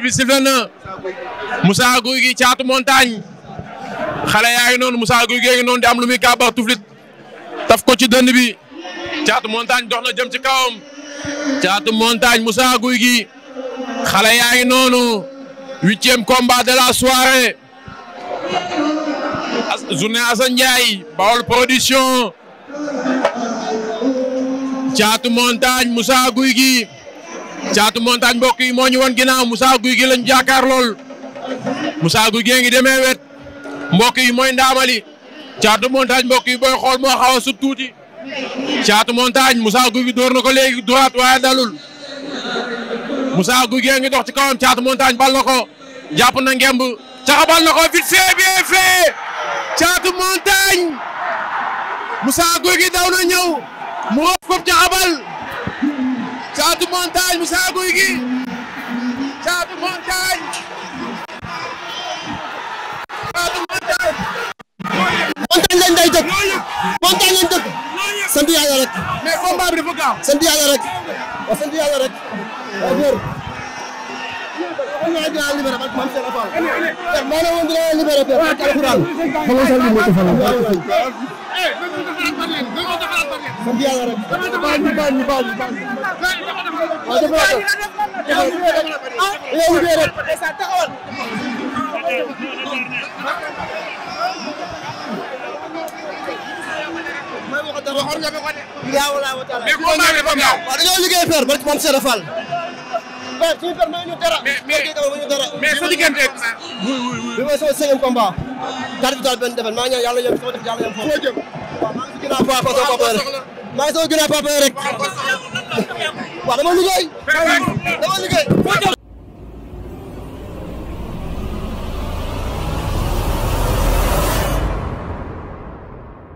bi sifflé na Moussa Guy gi caatu montagne xale yaa ngi noonu Moussa Guy gee ngi noonu di am lu muy gàbba tuflit taf ko ci dënd bi caatu montagne dox na jëm ci kawam caatu montagne Moussa gi xale yaa ngi noonu huitième combat de la soirée journée Assane Ndiaye production caatu montagne Moussa gi caatu montagne mbokk yi moo ñu woon ginnaaw Moussa Guy gi lañ jàkkaar lool Moussa Guy gee ngi demee wet mbokk yi mooy ndaamali caatu montagne mbokk yi booy xool moo xaw a sut tuuti caatu montagne Moussa Guy gi door na ko léegi droite waaye dalul Moussa Guy gee ngi dox ci kawam caatu montagne bal na ko jàpp na ngemb caxa bal na ko vite caatu montagne Moussa Guy gi daw na ñëw mu ëpp ko caxa bal caatu montagne Moussa Gouye Gui caatu montagne caatu montagne montagne lañ day dëkk montagne lañ dëkk sant yàlla rek mais combat bi dafa gaaw sant yàlla rek waaw sant yàlla rek waaw góor maa ngi leen di libéré man Cheikh Fall maa ngi leen di libéré sant yàlla rek. baal ñu baal ñu baal ñu baal ñu. waaw dama la ko dama la ko yow liggéey rek. waaw dañoo liggéey fer barke moom Seydou Fall. mais mais mais sa diggante. oui oui oui. bi mooy sama cinquième combat. quatre victoires benn défaite maa ngi ñaan yàlla yem sama def yàlla yem foofu. waaw maa ngi si ginnaaw papa sama papa rek maa ngi sama ginnaaw papa rek waaw dama liggéey dama liggéey